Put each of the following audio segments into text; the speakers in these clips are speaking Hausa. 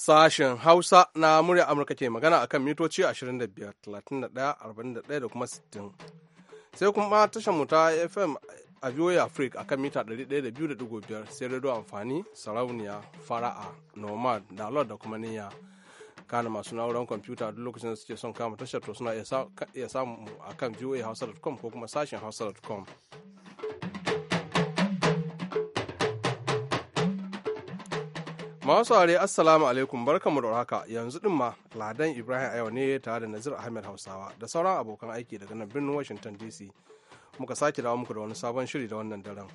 Sashen Hausa na murya Amurka ke magana a kan mitoci 25, 31, 41 da kuma 60. Sai kuma tashar mu ta FM a VOA Africa a kan mita 102.5 sai radio amfani, sarauniya, fara'a, nomad, dalot da kuma niyya. kana masu na'urar kwamfuta duk lokacin da suke son kama tashar to suna iya samu a kan hausa.com ko kuma sashen hausa.com. Masu are assalamu alaikum barkamu da haka yanzu din ma Ladan Ibrahim Ayo ne tare da Nazir Ahmed Hausawa da sauran abokan aiki daga nan birnin Washington DC. Muka sake dawo muku da wani sabon shiri da wannan daren.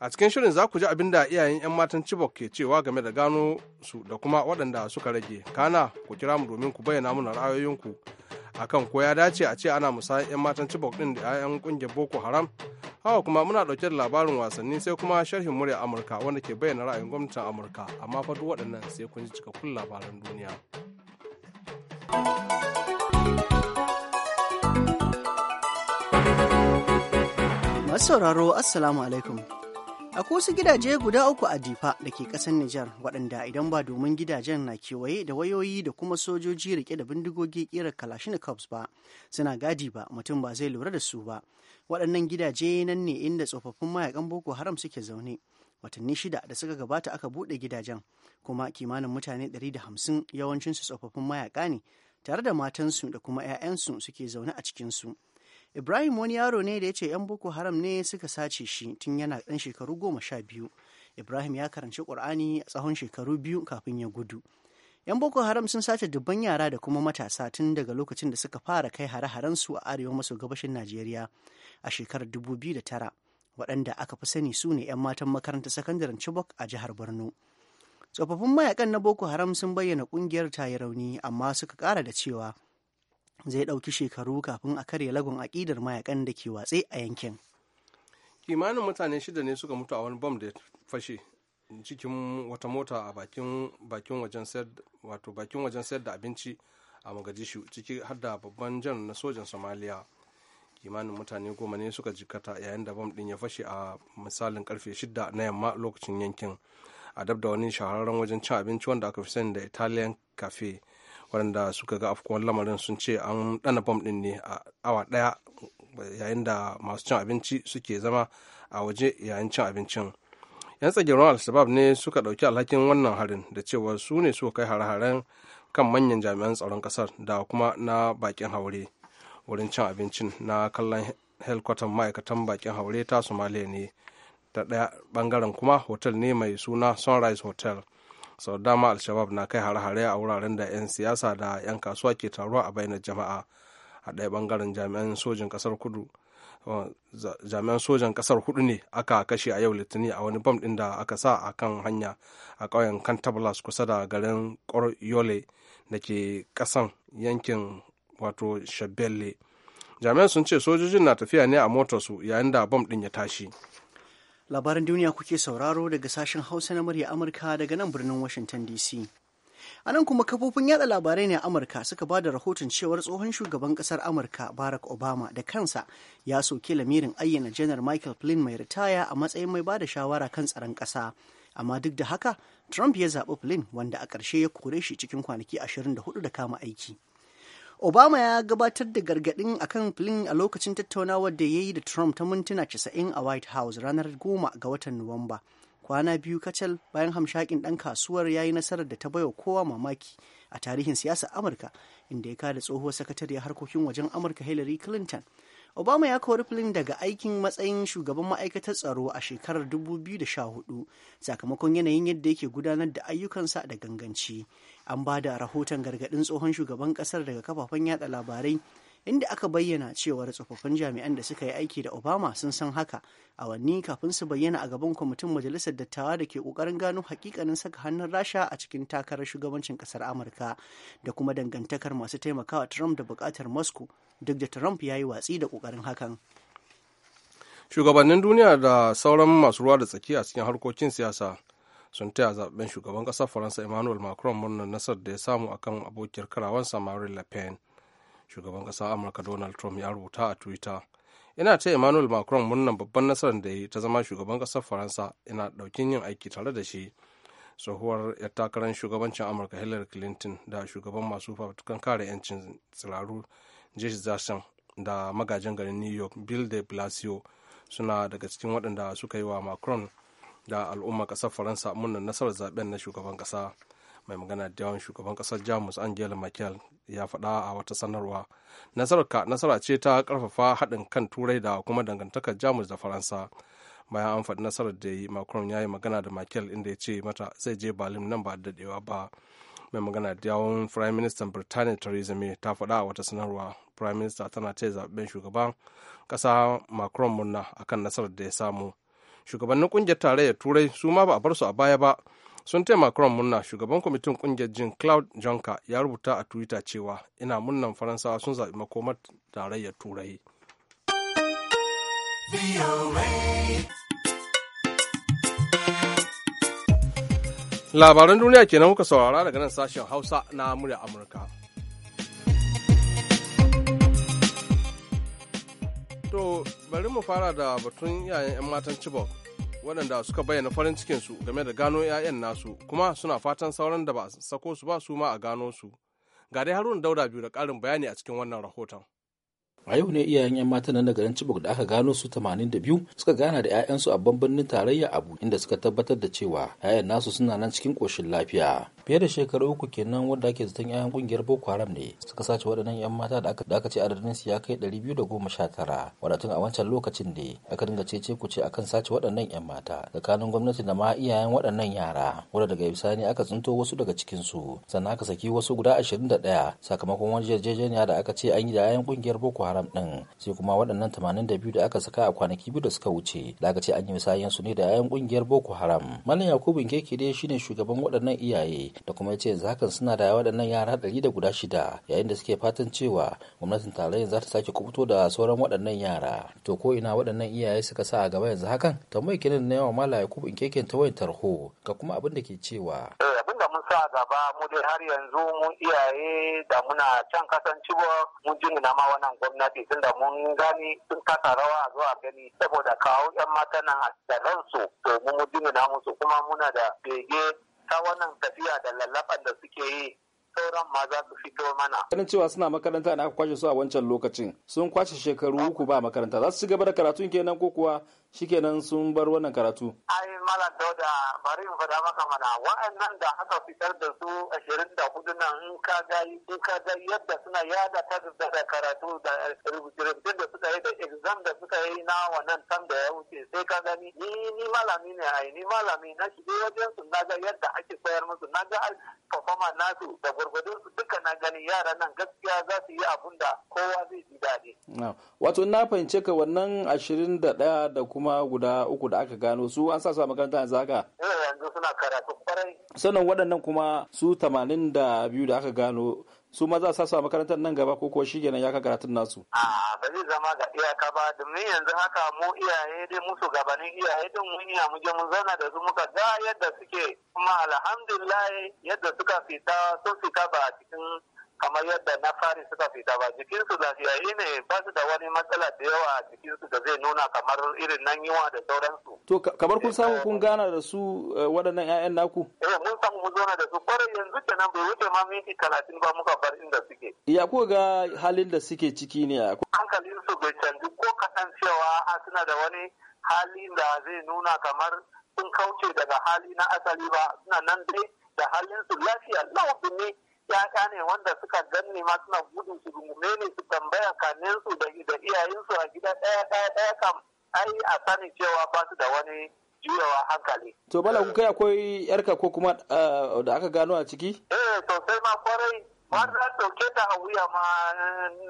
A cikin shirin za ku ji abin da iyayen 'yan matan Chibok ke cewa game da gano su da kuma waɗanda suka rage. Kana ku kira mu domin ku bayyana mana ra'ayoyinku akan ko ya dace a ce ana musayar 'yan matan Chibok din da 'ya'yan ƙungiyar Boko Haram hawa kuma muna ɗauke da labarin wasanni sai kuma sharhin murya amurka wanda ke bayyana ra'ayin gwamnatin amurka amma fa duk waɗannan sai kun ji cikakkun labaran duniya masu sauraro assalamu alaikum Akwai wasu gidaje guda uku a Difa da ke ƙasar Nijar waɗanda idan ba domin gidajen na kewaye da wayoyi da kuma sojoji rike da bindigogi ƙirar Kalashnikovs ba, suna gadi ba mutum ba zai lura da su ba, waɗannan gidaje nan ne inda tsofaffin mayakan boko haram suke zaune watanni shida da suka gabata aka buɗe gidajen kuma kimanin mutane 150 yawancinsu tsofaffin mayaka ne tare da matansu da kuma 'ya'yansu suke zaune a cikinsu ibrahim wani yaro ne da ya ce 'yan boko haram ne suka sace shi tun yana ɗan shekaru goma sha biyu ibrahim ya karanci ƙur'ani a tsawon shekaru biyu kafin ya gudu 'Yan Boko Haram sun sace dubban yara da kuma matasa tun daga lokacin da suka fara kai hare-haren su a arewa maso gabashin Najeriya a shekarar 2009, waɗanda aka fi sani su ne 'yan matan makarantar sakandaren Chibok a jihar Borno. Tsofaffin mayakan na Boko Haram sun bayyana ƙungiyar ta yi rauni amma suka kara da cewa zai ɗauki shekaru kafin a karya lagon aƙidar mayakan da ke watse a yankin. kimanin mutane shida ne suka mutu a wani bom da fashe cikin wata mota a bakin wajen sayar wato bakin wajen sayar da abinci a Mogadishu ciki har da babban jan na sojan somaliya kimanin mutane goma ne suka jikata yayin da bam din ya fashe a misalin karfe shida na yamma lokacin yankin a dab da wani shahararren wajen cin abinci wanda aka fi sani da Italian Cafe waɗanda suka ga afkuwan lamarin sun ce an ɗana bam ɗin ne a awa ɗaya yayin da masu cin abinci suke zama a waje yayin cin abincin yan tsagirar al-shabab ne suka ɗauki alhakin wannan harin da cewa su ne suka kai hare-haren kan manyan jami'an tsaron ƙasar da kuma na bakin haure wurin cin abincin na kallon helkwatan ma'aikatan bakin haure ta somaliya ne ta ɗaya bangaren kuma hotel ne mai suna sunrise hotel sau dama al-shabab na kai hare-hare a wuraren da 'yan siyasa da 'yan kasuwa ke taruwa a bainar jama'a a ɗaya bangaren jami'an sojin ƙasar kudu jami'an sojan kasar hudu ne aka kashe a yau litinin a wani bom din da aka sa a kan hanya a ƙauyen cantablas kusa da garin kor yole da ke kasan yankin wato shabelle jami'an sun ce sojojin na tafiya ne a motarsu yayin da bom din ya tashi labaran duniya kuke sauraro daga sashen hausa na murya amurka daga nan birnin washington dc A nan kuma kafofin yada labarai ne a Amurka suka ba da rahoton cewar tsohon shugaban kasar Amurka Barack Obama da kansa ya soke lamirin ayyana janar Michael Flynn mai ritaya a matsayin mai ba da shawara kan tsaron ƙasa. Amma duk da haka, Trump ya zaɓi Flynn wanda a ƙarshe ya kore shi cikin kwanaki 24 da kama aiki. Obama ya gabatar da gargaɗin akan Flynn a lokacin tattaunawar da ya yi da Trump ta mintuna 90 a White House ranar 10 ga watan Nuwamba. kwana biyu kacal bayan hamshakin ɗan kasuwar ya yi nasarar da ta baiwa kowa mamaki a tarihin siyasar amurka inda ya kada tsohuwar sakatariyar harkokin wajen amurka hillary clinton obama ya kori flynn daga aikin matsayin shugaban ma'aikatar tsaro a shekarar 2014 sakamakon yanayin yadda yake gudanar da ayyukansa da ganganci an ba da rahoton gargaɗin tsohon shugaban ƙasar daga kafafen yada labarai inda aka bayyana cewar tsofaffin jami'an da suka yi aiki da obama sun san haka awanni kafin su bayyana a gaban kwamitin majalisar dattawa da ke kokarin gano hakikanin saka hannun rasha a cikin takarar shugabancin kasar amurka da kuma dangantakar masu taimakawa trump da bukatar moscow duk da trump ya yi watsi da kokarin hakan shugabannin duniya da sauran masu ruwa da tsaki a cikin harkokin siyasa sun taya zaben shugaban kasar faransa emmanuel macron murnar nasar da ya samu akan abokiyar karawansa marine le pen shugaban ƙasar amurka donald trump ya rubuta a twitter ina ta emmanuel macron murnan babban nasarar da ya ta zama shugaban ƙasar faransa ina ɗaukin yin aiki tare da shi tsohuwar ya takarar shugabancin amurka hillary clinton da shugaban masu fafutukan kare 'yancin tsiraru jeff zarson da magajin garin new york bill de blasio suna daga cikin waɗanda suka yi wa macron da al'umma kasar faransa murnan nasarar zaben na shugaban ƙasa mai magana da yawan shugaban kasar jamus angela merkel ya faɗa a wata sanarwa nasara ce ta karfafa haɗin kan turai da kuma dangantakar jamus da faransa bayan an faɗi nasarar da yi macron ya yi magana da merkel inda ya ce mata zai je berlin nan ba dadewa daɗewa ba mai magana da yawon prime minister birtaniya theresa may ta faɗa a wata sanarwa prime minister tana ce zaɓen shugaban ƙasa macron murna akan nasarar da ya samu shugabannin ƙungiyar tarayyar turai su ma ba a bar su a baya ba sun taimaka macron murna shugaban kwamitin kungiyar jin claude Juncker ya rubuta a twitter cewa ina munnan faransawa sun zaɓi makomar tarayyar turai labaran duniya kenan kuka saurara daga nan sashen hausa na murya amurka to bari mu fara da batun yayan 'yan matan chibok waɗanda suka bayyana farin cikinsu game da gano 'ya'yan nasu kuma suna fatan sauran da ba a sako su ba su ma a gano su ga dai haruna dauda biyu da ƙarin bayani a cikin wannan rahoton a yau ne iyayen yan matan nan da garin Chibok da aka gano su 82 suka gana da 'ya'yansu a bambanin birnin tarayya Abu inda suka tabbatar da cewa 'ya'yan nasu suna nan cikin koshin lafiya fiye da shekaru uku kenan wanda ake zaton 'ya'yan kungiyar boko haram ne suka sace waɗannan 'yan mata da aka ce adadin su ya kai 219 wadatun a wancan lokacin ne aka dinga cece ce akan sace waɗannan 'yan mata tsakanin gwamnati da ma iyayen waɗannan yara wadda daga bisani aka tsinto wasu daga cikin su sannan aka saki wasu guda 21 sakamakon wani yarjejeniya da aka ce an yi da 'ya'yan kungiyar boko haram din sai kuma waɗannan 82 da aka saka a kwanaki biyu da suka wuce da aka ce an yi misayen su ne da 'ya'yan kungiyar boko haram malam yakubu keke dai shine shugaban waɗannan iyaye da kuma ya ce zakan suna da waɗannan yara ɗari da guda shida yayin da suke fatan cewa gwamnatin tarayyar za ta sake kubuto da sauran waɗannan yara to ko ina waɗannan iyaye suka sa a gaba yanzu hakan tambayar kenan na yawa mala yakubu in keken ta wayan tarho ga kuma abin da ke cewa eh, sa gaba mu dai har yanzu mun iyaye da muna can kasan mun jingina ma wannan gwamnati tunda mun gani sun kasa rawa a zuwa gani saboda kawo yan mata nan da ransu to mun jingina musu kuma muna da bege ta wannan tafiya da lallafan da suke yi sauran ma za su fito mana. Ganin cewa suna makaranta na aka kwashe su a wancan lokacin sun kwashe shekaru uku ba makaranta za su ci gaba da karatun kenan ko kuwa shikenan sun bar wannan karatu. Ai malam Dauda bari in faɗa maka mana wa'annan da aka fitar da su ashirin da nan in ka ga in ka ga yadda suna yada ta da karatu da rubutun da suka yi da exam da suka yi na wannan san da ya wuce sai ka gani ni ni malami ne ai ni malami na shige wajen su na yadda ake koyar musu na ga nasu da gwargwadon su duka na gani yara nan gaskiya za su yi abunda. kowa zai ji daɗi. Wato na fahimce ka wannan ashirin da da kuma kuma guda uku da aka gano su an sa su a makaranta yanzu haka eh, yanzu suna karatu kwarai sannan waɗannan kuma su tamanin da biyu da aka gano su ma za su a makarantar nan gaba ko kuwa shikenan ya ka karatun nasu. A ba zai zama ga iyaka ba domin yanzu haka mu iyaye dai musu gabanin iyaye din mun iya mu je mun zana da su muka ga yadda suke kuma alhamdulillah yadda suka fita sun fita ba cikin kamar yadda na fari suka fita ba jikinsu lafiyayi ne ba su da wani matsala da yawa a jikinsu da zai nuna kamar irin nan yiwa da sauransu. To kamar kun samu eh, kun eh. gana da su eh, waɗannan 'ya'yan naku? Eh mun samu mu zauna da su kwarai yanzu kenan bai wuce ma minti talatin ba muka bar inda suke. Ya ko ga halin da suke ciki ne a Hankalinsu bai canji ko kasancewa suna da wani hali da zai nuna kamar sun kauce daga hali na asali ba suna nan dai da halinsu lafiya lau ne ya'ya ne wanda suka ganni ma suna gudun su rungume ne su tambaya kanin su da iyayensu a gida ɗaya ɗaya ɗaya kam ai a sani cewa ba su da wani juyawa hankali. To bala kuka akwai yarka ko kuma eh, da aka gano a ciki? Eh sosai ma kwarai har na ɗauke ta a wuya ma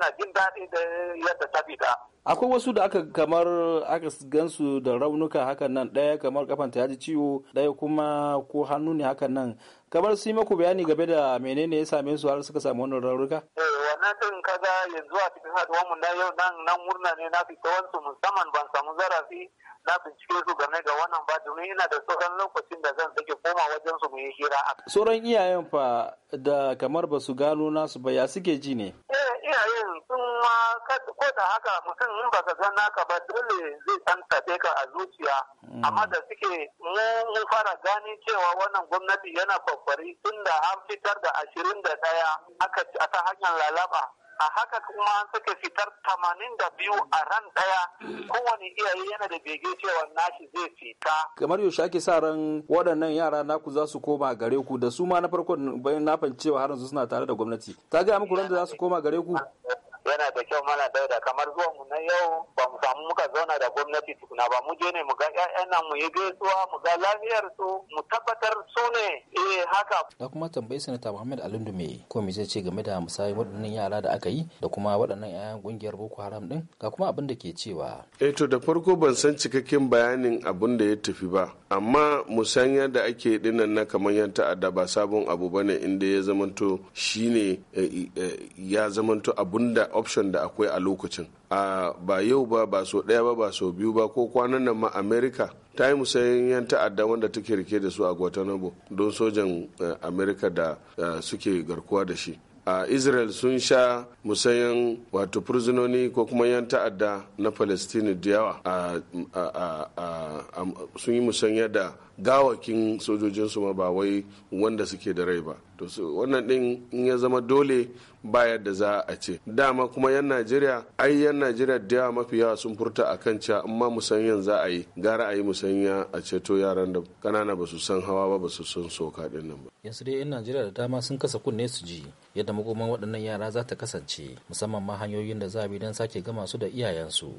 na jin daɗi da yadda ta fita. Akwai wasu da aka kamar aka gansu da raunuka hakan nan ɗaya kamar kafanta ya ji ciwo ɗaya kuma ko hannu ne hakan nan kamar su yi maku bayani game da menene ya same su har suka samu wannan raunuka. Eh, wannan ka kaga yanzu a cikin haduwan mu na yau nan nan murna ne na fita wasu musamman ban samu zarafi na bincike su game ga wannan ba domin yana da sauran lokacin da zan sake koma wajen su mu hira a sauran iyayen fa da kamar ba su gano nasu ba ya suke ji ne eh iyayen sun ma ko da haka mutum in baka ga naka ba dole zai san tafe ka a zuciya hmm. amma da suke mu fara gani cewa wannan gwamnati yana kwakwari tun da an fitar da ashirin da ɗaya aka ta hanyar lalaba a haka kuma an suka fitar tamanin da biyu a ran ɗaya kowane iyaye yana da bege cewa nashi zai fita. kamar yaushe ake sa ran waɗannan yara naku za su koma gare ku da su ma na farko bayan na fahimci cewa har yanzu suna tare da gwamnati ta gaya muku ran da za su koma gare ku. yana da kyau mana dauda kamar zuwan mu na yau ba mu samu muka zauna da gwamnati tukuna ba mu je ne mu ga ƴaƴan nan mu yi gaisuwa mu ga lafiyar su mu tabbatar su ne eh haka da kuma tambayi sanata Muhammad Alundu me ko me zai ce game da musayar waɗannan yara da aka yi da kuma waɗannan ƴaƴan gungiyar Boko Haram din ga kuma abin da ke cewa eh to da farko ban san cikakken bayanin abin da ya tafi ba amma musanya da ake dinnan na kamar yan ta'adda ba sabon abu bane inda ya zamanto shine eh, eh, ya zamanto abun option da akwai a lokacin a ba yau ba ba so ɗaya ba ba so biyu ba ko kwanan nan ma america ta yi musayin yan ta'adda wanda take rike da su a guantanamo don sojan eh, america da eh, suke garkuwa da shi a israel sun sha musayan wato fursunoni ko kuma yan ta'adda na palestini da yawa sun yi musanya da gawakin sojojinsu ma ba wai wanda suke da rai ba wannan din in ya zama dole ba yadda za a ce dama kuma yan najeriya ai yan najeriya da yawa mafi yawa sun furta a kan cewa amma musanyan za a yi gara a yi musanya a ceto yaran da kanana ba su san hawa ba ba su san soka din nan ba yanzu dai yan najeriya da dama sun kasa kunne su ji yadda makoman waɗannan yara za ta kasance musamman ma hanyoyin da za a bi don sake gama su da iyayensu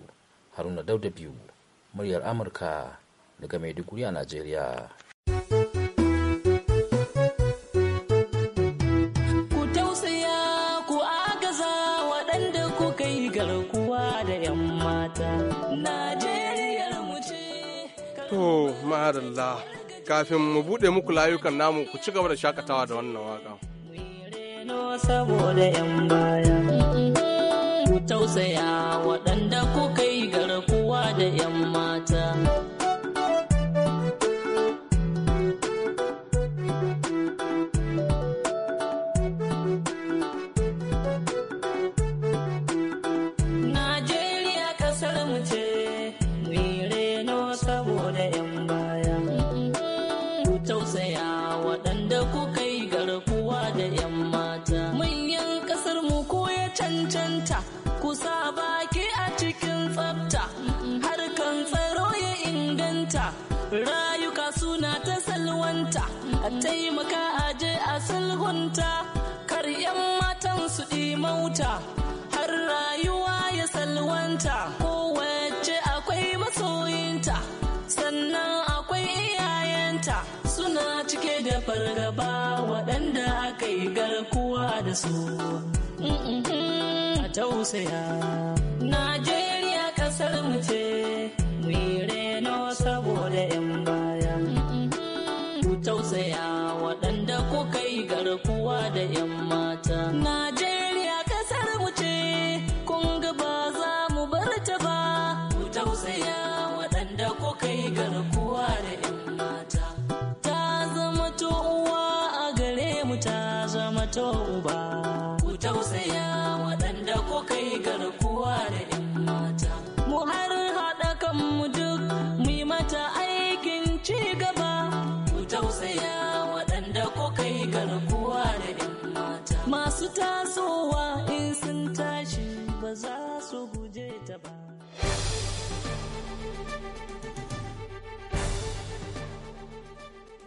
haruna dauda biyu muryar amurka daga maiduguri a najeriya To, ma'adalla, kafin mu buɗe muku layukan namu ku ci gaba da shakatawa da wannan waka. Saboda 'yan baya. kai garkuwa da su a tausaya najeriya kasar mu ce mu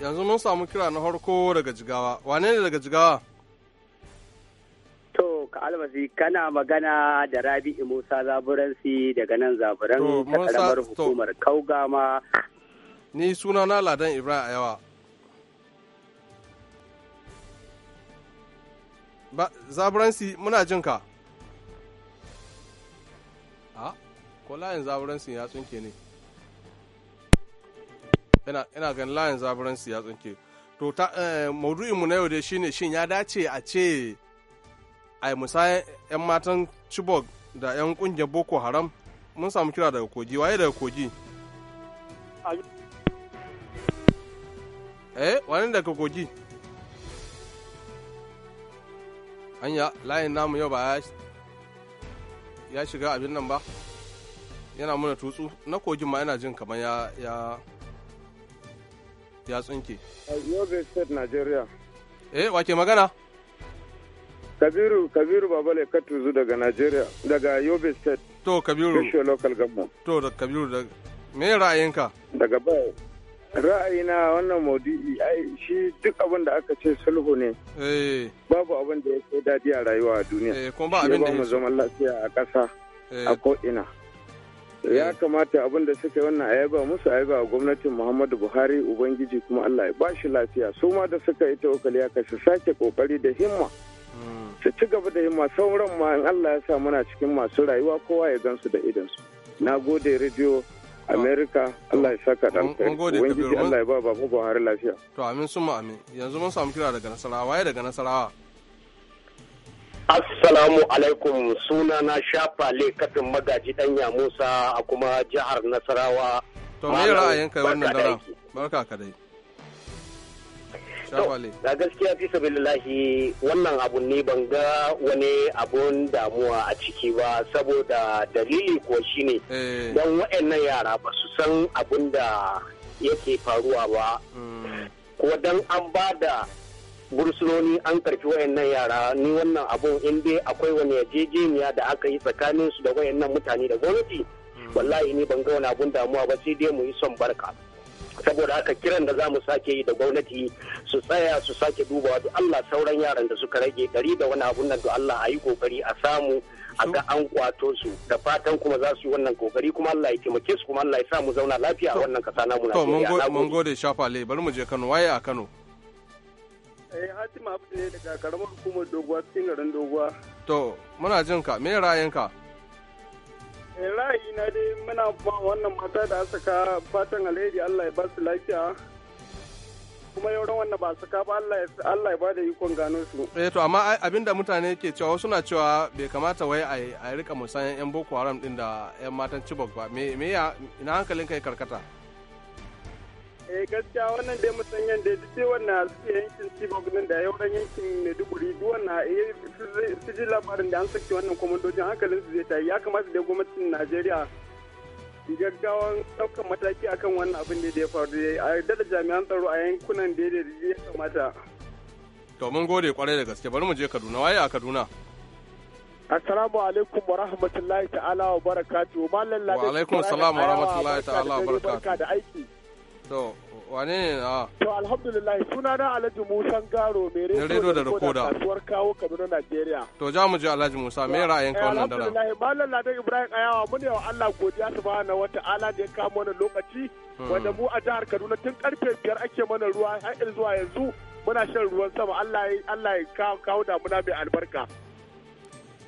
yanzu mun samu kira na harko daga jigawa wane ne daga jigawa to ka almasi kana magana da rabi'u musa zaburansi daga nan zaburan kasar hukumar kaugama ni suna na ladan ibrahim yawa. zaburansi muna jin ka a ah, ko layin zaburansi ya tsunke ne ina gan layin zaburansu ya tsinke to ta eh, maudu'in mu na yau dai shine shin ya dace a ce a musayan yan matan chibok da yan kungiyar boko haram mun samu kira daga kogi waye daga kogi eh wani daga kogi anya layin namu yau ba ya shiga abin nan ba yana muna tutsu na kogin ma yana jin kamar ya ya tsunke. Yobe State, Nigeria. Eh, wake magana? Kabiru, Kabiru Babale Katuzu daga Nigeria, daga Yobe State. To, Kabiru. Kisho local government. To, da Kabiru, da me ra'ayinka? Daga baya. Ra'ayina wannan modi, ai shi duk abin da aka ce sulhu ne. Eh. Babu abin da ya so dadi a rayuwa a duniya. Eh, kuma ba abin da ya so. Ya ba mu zaman lafiya a ƙasa. A eh. ko'ina. ya eh. kamata abin da suka yi wannan ayaba musu ayaba a gwamnatin muhammadu buhari ubangiji kuma allah ya ba shi lafiya su ma da suka yi tawakali ya kashe sake kokari da himma hmm. su ci gaba da himma sauran ma in allah ya sa muna cikin masu rayuwa kowa ya gansu da su na gode rediyo america allah ya saka dan kai ubangiji allah ya ba babu buhari lafiya to amin sun amin yanzu mun samu kira daga nasarawa ya daga nasarawa Assalamu alaikum suna na shafa lekatin magaji Ɗanya Musa a kuma jihar Nasarawa. To me ra'ayinka wannan dara? Barka ka dai. Da gaskiya fi sabilillahi wannan abu ne ban ga wani abun damuwa a ciki ba saboda dalili ko shine eh. don waɗannan yara ba su san abun da yake faruwa ba. Hmm. Ko dan an ba da bursunoni an karfi wayannan yara ni wannan abun in dai akwai wani yarjejeniya da aka yi tsakanin su da wayannan mutane da gwamnati wallahi ni ban ga wani abun damuwa ba sai dai mu yi son barka saboda haka kiran da za mu sake yi da gwamnati su tsaya su sake dubawa da Allah sauran yaran da suka rage dari da wani abun nan da Allah a yi kokari a samu a ga an kwato su da fatan kuma za su yi wannan kokari kuma Allah ya taimake su kuma Allah ya sa mu zauna lafiya a wannan kasa namu Najeriya. To mun gode Shafale bari mu je Kano waye a Kano. Eh Hatima ne daga karamar hukumar Doguwa cikin garin Doguwa. To, muna jin ka, me ra'ayinka? Eh ra'ayi na dai muna ba wannan mata da saka fatan alheri Allah ya ba su lafiya. kuma yauran wannan ba su ba Allah ya bada ikon gano su. Eh to amma abinda mutane ke cewa wasu na cewa bai kamata wai a rika musayan yan Boko Haram din da yan matan Chibok ba me ya ina hankalin yi karkata. eh gaskiya wannan dai musanyen da duk dai wannan suke yankin Chibok nan da yauran yankin Maiduguri duk wannan eh, su ji labarin da an saki wannan kwamandojin hankalin su zai tayi ya kamata da gwamnatin Najeriya gaggawan daukan mataki akan wannan abin da ya faru a da jami'an tsaro a yankunan da ya ya kamata. To mun gode kwarai da gaske bari mu je Kaduna waye a Kaduna. Assalamu alaikum wa rahmatullahi ta'ala wa barakatuhu. Malam Wa alaikum assalam wa rahmatullahi ta'ala wa barakatuhu. da aiki. To, wane ne na? To, alhamdulillah suna na Alhaji Musa Garo mai rediyo da rikoda kasuwar kawo Kaduna Najeriya. To, ja mu ji Alhaji Musa, me ra'ayin kawo eh, nan dara? Alhamdulillah, Malam Ladan Ibrahim Ayawa mun yawa Allah godiya subhanahu wata ala da ya kama mana lokaci hmm. wanda mu a jihar Kaduna tun karfe biyar ake mana ruwa har zuwa yanzu muna shan ruwan sama Allah ya kawo damuna mai albarka.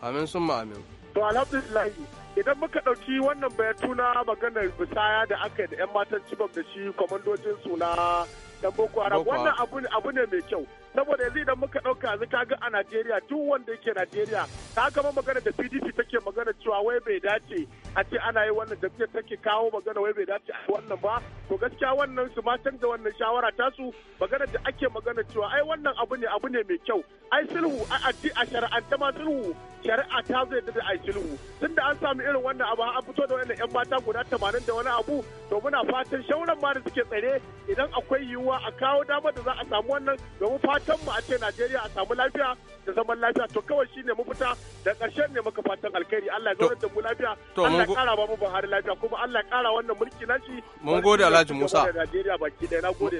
Amin ma amin. To, alhamdulillah. idan muka ɗauki wannan bayatu na maganar bisaya da aka yi da 'yan matan cibok da shi kwamandojin su na dan boko haram wannan abu ne mai kyau saboda yanzu idan muka ɗauka yanzu ga a najeriya duk wanda yake najeriya ka gama magana da pdp take magana cewa wai bai dace a ce ana yi wannan jam'iyyar take kawo magana wai bai dace a wannan ba to gaskiya wannan su ma canza wannan shawara ta su magana da ake magana cewa ai wannan abu ne abu ne mai kyau ai sulhu a addi a shari'anta ma sulhu shari'a ta zai da ai sulhu tunda an samu irin wannan abu an fito da wannan yan mata guda tamanin da wani abu to muna fatan shauran ma da suke tsare idan akwai yiwuwa a kawo damar da za a samu wannan domin fatan mu a ce Najeriya a samu lafiya da zaman lafiya to kawai shine mu fita da ƙarshen ne muka fatan alkhairi Allah ya zaunar mu lafiya Allah ya kara ba mu Buhari lafiya kuma Allah ya kara wannan mulki nashi mun gode Alhaji Musa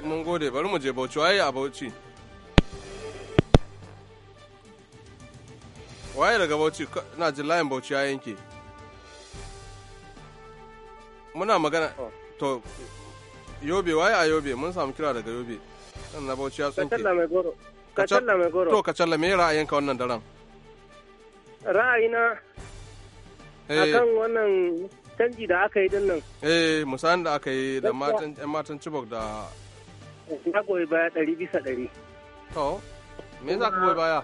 mun gode bari mu je Bauchi waye a Bauchi waye daga Bauchi na jin layin Bauchi ya yanke muna magana oh. to Yobe waye a Yobe mun samu kira daga Yobe na Bauchi ya tsunke Kacalla mai goro Kacalla mai goro to Kacalla me ra'ayinka wannan daren ra'ayina eh. akan wannan canji da aka yi dinnan. Eh, musayan da aka yi da matan ƴan matan cibok da na goyi baya ɗari bisa ɗari. To, me yasa ka goyi baya?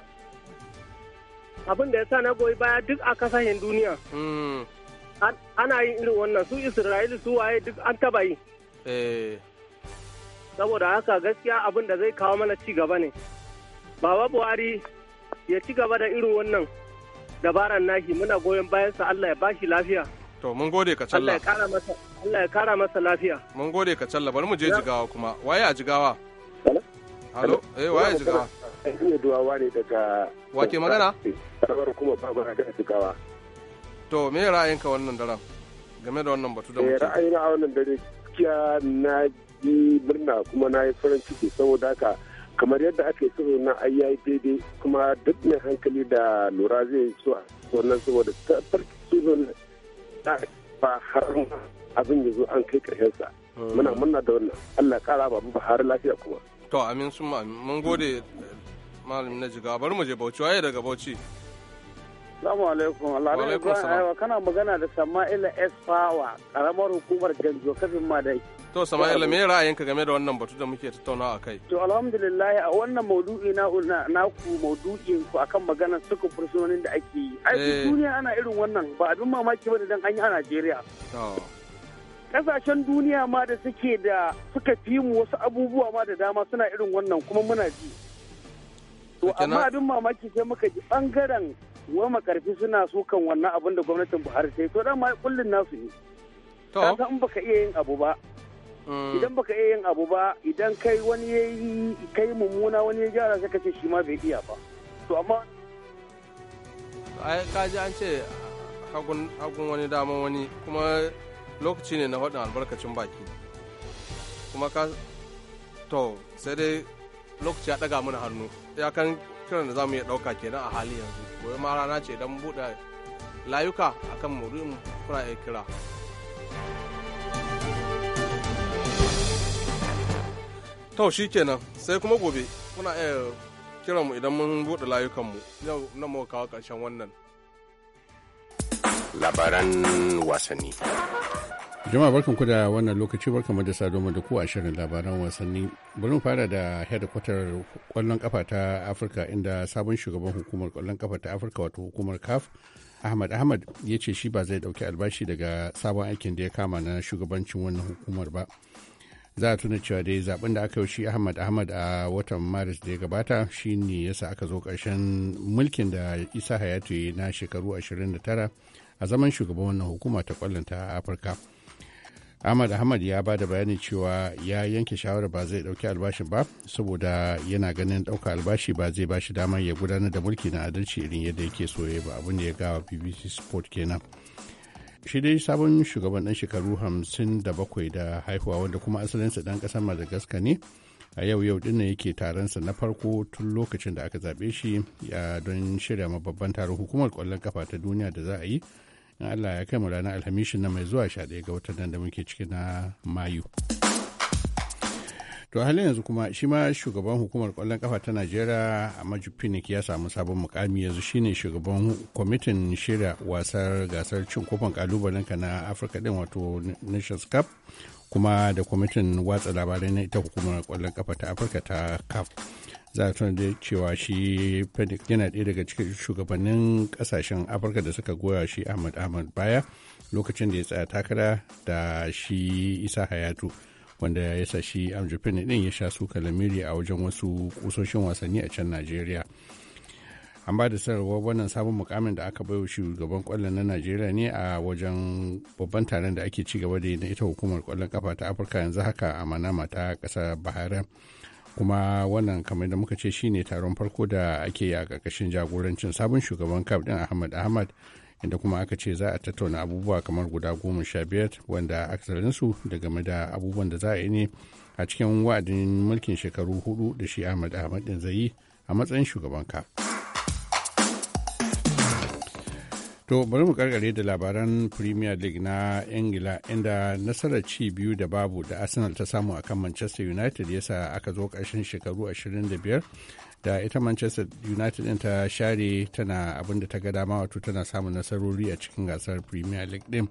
Abin da yasa na goyi baya duk a kasashen duniya. Hmm. Ana yin irin wannan su Isra'ila su waye duk an taba yi. Eh. Saboda haka gaskiya abin da zai kawo mana ci gaba ne. Baba Buhari ya ci gaba da irin wannan. dabaran nashi muna goyon bayansa Allah ya bashi lafiya. To mun gode ka challa. Allah ya kara masa lafiya. Mun gode ka challa bari mu je jigawa kuma. Waye a jigawa? Halo, eh waye a jigawa? Iya duwawa ne daga Wake magana? Karbar kuma ba ba da jigawa. To me ra'ayinka wannan daren? Game da wannan batu da eh, muke. Ra'ayina a wannan dare kiya na ji murna kuma na yi farin ciki saboda haka kamar yadda ake so na ayyai daidai kuma duk mai hankali da lura zai so a wannan saboda tafarki sulhu na ba har abin ya zo an kai karshensa hmm. muna murna da wannan Allah kara ba har lafiya kuma to amin sun mun gode malam na jiga bari mu je Bauchi waye daga Bauchi salamu alaikum. Allah kana magana da Sama'ila S. power karamar hukumar Ganjo kafin ma da To Sama'ila me ra'ayinka game da wannan batu da muke tattauna a kai? To alhamdulillah a wannan maudu'i na naku maudu'in ku akan maganar suka fursunonin da ake yi. Ai eh. duniya ana irin wannan ba abin mamaki bane dan an yi a Najeriya. Kasashen duniya ma da suke da suka fi mu wasu abubuwa ma da dama suna irin wannan kuma muna ji. To amma abin mamaki sai muka ji bangaren wa makarfi suna kan wannan abin da gwamnatin Buhari sai to to dama kullun nasu ne. To. in baka iya yin abu ba Mm. idan baka iya yin abu ba idan kai wani ya yi kai mummuna wani ya gyara sai ce shi ma bai iya ba to amma ai ji an ce hagun wani daman wani kuma lokaci ne na hudun albarkacin baki kuma ka to sai dai lokaci ya daga mana hannu ya kan kiran da zamu iya dauka kenan a hali yanzu gobe ma rana ce dan buɗe layuka akan mu kuna iya kira To shi kenan sai kuma gobe kuna iya kiran mu idan mun buɗe layukanmu yau na mu kawo ƙarshen wannan. Labaran wasanni. Jama'a barkan ku da wannan lokaci barkan da domin da ku a shirin labaran wasanni. Bari mu fara da headquarter kwallon kafa ta Afirka inda sabon shugaban hukumar kwallon kafa ta Afirka wato hukumar CAF Ahmad Ahmad ya ce shi ba zai dauki albashi daga sabon aikin da ya kama na shugabancin wannan hukumar ba. za a tuna cewa dai zaben da aka yi shi ahmad ahmad a watan maris da ya gabata shi shine sa aka zo karshen mulkin da isa hayatu na shekaru 29 a zaman shugaban wannan hukuma ta kwallon a afirka ahmad ahmad ya ba da bayanin cewa ya yanke shawarar ba zai dauki albashin ba saboda yana ganin dauka albashi ba zai ba shi damar ya gudanar da mulki na adalci irin yadda yake so ya ba abin da ya gawa bbc sport kenan shi dai sabon shugaban ɗan shekaru hamsin da bakwai da haihuwa wanda kuma asalinsa ɗan ƙasar madagascar ne a yau yau din ne yake taronsa na farko tun lokacin da aka zaɓe shi ya don shirya ma babban taron hukumar kwallon kafa ta duniya da za a yi in allah ya kai mu ranar alhamishin na mai zuwa 11 ga watan nan da muke ciki na mayu. to halin yanzu kuma shi ma shugaban hukumar kwallon kafa ta najeriya a majufinik ya samu sabon mukami yanzu shine shugaban kwamitin shirya wasar gasar cin kofin kalubalen ka na afirka din wato nations cup kuma da kwamitin watsa labarai na ita hukumar kwallon kafa ta afirka ta caf za a da cewa shi yana ɗaya daga cikin shugabannin kasashen afirka da suka goya shi ahmad ahmad baya lokacin da ya tsaya takara da shi isa hayatu wanda ya sa shi din ya sha su lamiri a wajen wasu kusoshin wasanni a can najeriya an ba da sanarwar wannan sabon mukamin da aka baiwa shugaban kwallon na najeriya ne a wajen babban taron da ake ci gaba da na ita hukumar kwallon kafa ta afirka yanzu haka a manama ta kasar bahrain kuma wannan kamar da muka ce shine taron farko da ake yi a ƙarƙashin jagorancin sabon shugaban kaf din ahmad ahmad inda kuma aka ce za a tattauna abubuwa kamar guda goma sha biyar wanda aksarinsu da game da abubuwan da za a yi ne a cikin wa'adin mulkin shekaru hudu da shi ahmad ahmad din zai yi a matsayin shugaban kaf. To bari mu karkare da labaran Premier League na Ingila inda nasarar ci biyu da babu da Arsenal ta samu akan Manchester United yasa aka zo karshen shekaru 25 da ita Manchester United ɗin ta share tana abin da ta ga dama wato tana samun nasarori a cikin gasar Premier League din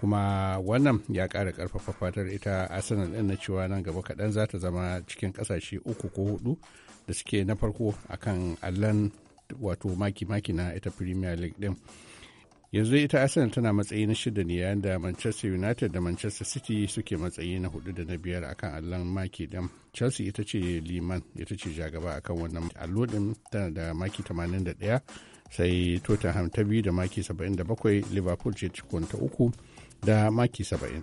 kuma wannan ya kara ƙarfafa fatar ita Arsenal din na cewa nan gaba kaɗan za ta zama cikin ƙasashe uku ko hudu da suke na farko akan allan wato maki-maki na ita Premier League din yanzu ita arsenal tana matsayi na shida ne yayin da manchester united da manchester city suke matsayi na hudu da na biyar akan allon maki dan chelsea ita ce liman ita ce jagaba akan wannan allo din tana da maki 81 sai tottenham ta biyu da maki 77 liverpool ce cikon ta uku da maki 70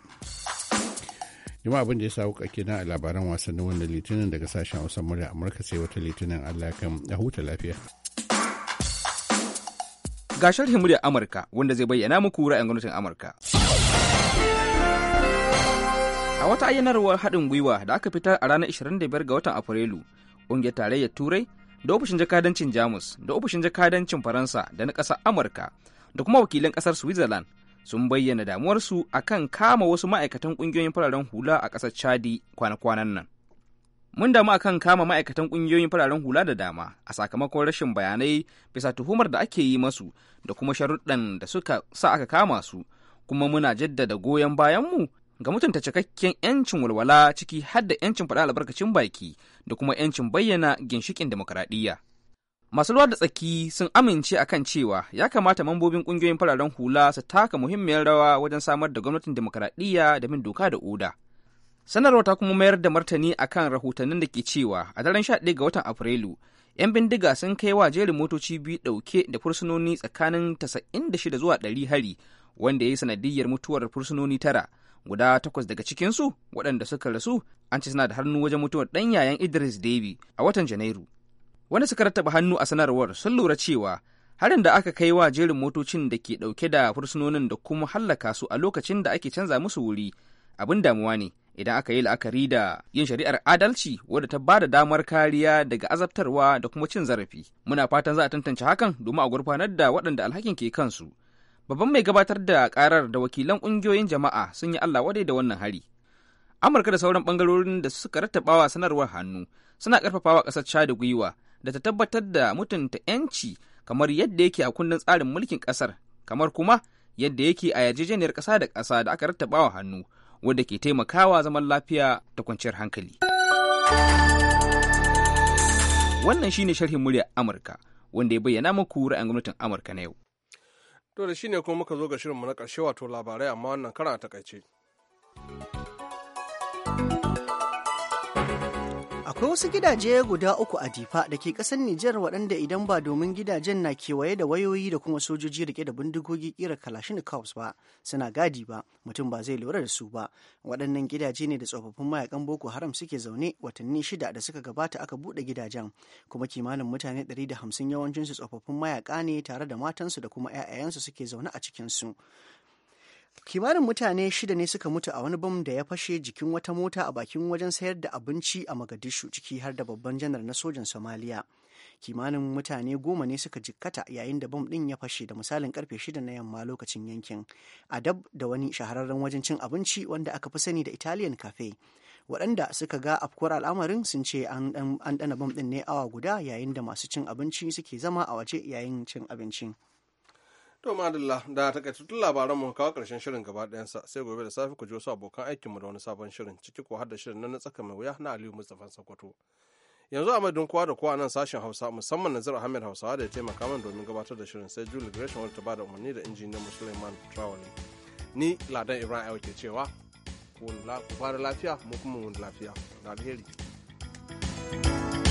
jama'a abin da ya sawo kake na labaran wasannin wanda litinin daga sashen hausa murya amurka sai wata litinin allah kan ya huta lafiya Ga sharhin muryar Amurka wanda zai bayyana muku ra'ayin gwamnatin Amurka. A wata ayyanarwar haɗin gwiwa da aka fitar a ranar 25 ga watan Afrilu, ƙungiyar tarayyar Turai da ofishin jakadancin Jamus da ofishin jakadancin Faransa da na ƙasar Amurka da kuma wakilan ƙasar Switzerland sun bayyana damuwarsu akan kama wasu ma'aikatan ƙungiyoyin fararen hula a ƙasar Chadi kwana-kwanan nan. mun damu kan kama ma'aikatan ƙungiyoyin fararen hula da dama a sakamakon rashin bayanai bisa tuhumar da ake yi masu da kuma sharuɗɗan da suka sa aka kama su kuma muna jaddada goyon bayanmu ga mutunta cikakken 'yancin walwala ciki har da 'yancin faɗa albarkacin baki da kuma 'yancin bayyana ginshikin dimokuraɗiyya. Masu ruwa da tsaki sun amince a kan cewa ya kamata mambobin ƙungiyoyin fararen hula su taka muhimmiyar rawa wajen samar da gwamnatin dimokuraɗiyya da min doka da oda. sanarwa ta kuma mayar da martani a kan rahotannin da ke cewa a daren 11 ga watan afrilu 'yan bindiga sun kai wa jerin motoci biyu ɗauke da fursunoni tsakanin 96 zuwa ɗari hari wanda ya yi sanadiyyar mutuwar fursunoni tara guda takwas daga cikinsu waɗanda suka rasu an ce suna da hannu wajen mutuwar ɗan yayan idris debi a watan janairu wanda suka rattaba hannu a sanarwar sun lura cewa harin da aka kai wa jerin motocin da ke ɗauke da fursunonin da kuma hallaka su a lokacin da ake canza musu wuri abin damuwa ne idan aka yi la'akari da yin shari'ar adalci wadda ta bada damar kariya daga azabtarwa da kuma cin zarafi muna fatan za a tantance hakan domin a gurfanar da waɗanda alhakin ke kansu babban mai gabatar da karar da wakilan ƙungiyoyin jama'a sun yi allah wadai da wannan hari amurka da sauran bangarorin da suka rattabawa sanarwar hannu suna karfafawa ƙasar da gwiwa da ta tabbatar da mutunta 'yanci kamar yadda yake a kundin tsarin mulkin ƙasar kamar kuma yadda yake a yarjejeniyar ƙasa da kasa da aka rattabawa hannu Wanda ke taimakawa zaman lafiya da kwanciyar hankali. Wannan shine sharhin muryar Amurka wanda ya bayyana muku ra'ayin gwamnatin Amurka na yau. To da ne kuma muka zo ga shirinmu na ƙarshe wato labarai amma wannan kara a takaice. Akwai wasu gidaje guda uku a Difa da ke ƙasar Nijar waɗanda idan ba domin gidajen na kewaye da wayoyi da kuma sojoji rike da bindigogi kalashin Kalashnikovs ba, suna gadi ba, mutum ba zai lura da su ba. Waɗannan gidaje ne da tsofaffin mayakan Boko Haram suke zaune watanni shida da suka gabata aka buɗe gidajen, kuma kimanin mutane da 150 yawancinsu tsofaffin mayaka ne tare da matansu da kuma 'ya'yansu suke zaune a cikinsu. kimanin mutane shida ne suka mutu a wani bam da ya fashe jikin wata mota a bakin wajen sayar da abinci a magadishu ciki har da babban janar na sojan somaliya kimanin mutane goma ne suka jikkata yayin da bam din ya fashe da misalin karfe shida na yamma lokacin yankin a dab da wani shahararren wajen cin abinci wanda aka fi sani da italian cafe waɗanda suka ga afkuwar al'amarin sun ce an ɗana bam ɗin ne awa guda yayin da masu cin abinci suke zama a waje yayin cin abincin To madalla da takaitattun labaran mu kawo karshen shirin gaba ɗayansa sai gobe da safe ku ji wasu abokan aikinmu da wani sabon shirin ciki ko har da shirin na tsaka mai wuya na Aliyu mustafa Sokoto. Yanzu a madadin kowa da kowa nan sashen Hausa musamman Nazir Ahmed Hausawa da ya taimaka min domin gabatar da shirin sai Julie Gresham wadda ta bada umarni da injiniyan Musulman Trawley. Ni Ladan Ibrahim ke cewa ku fara lafiya mu kuma mu lafiya. Da alheri. thank you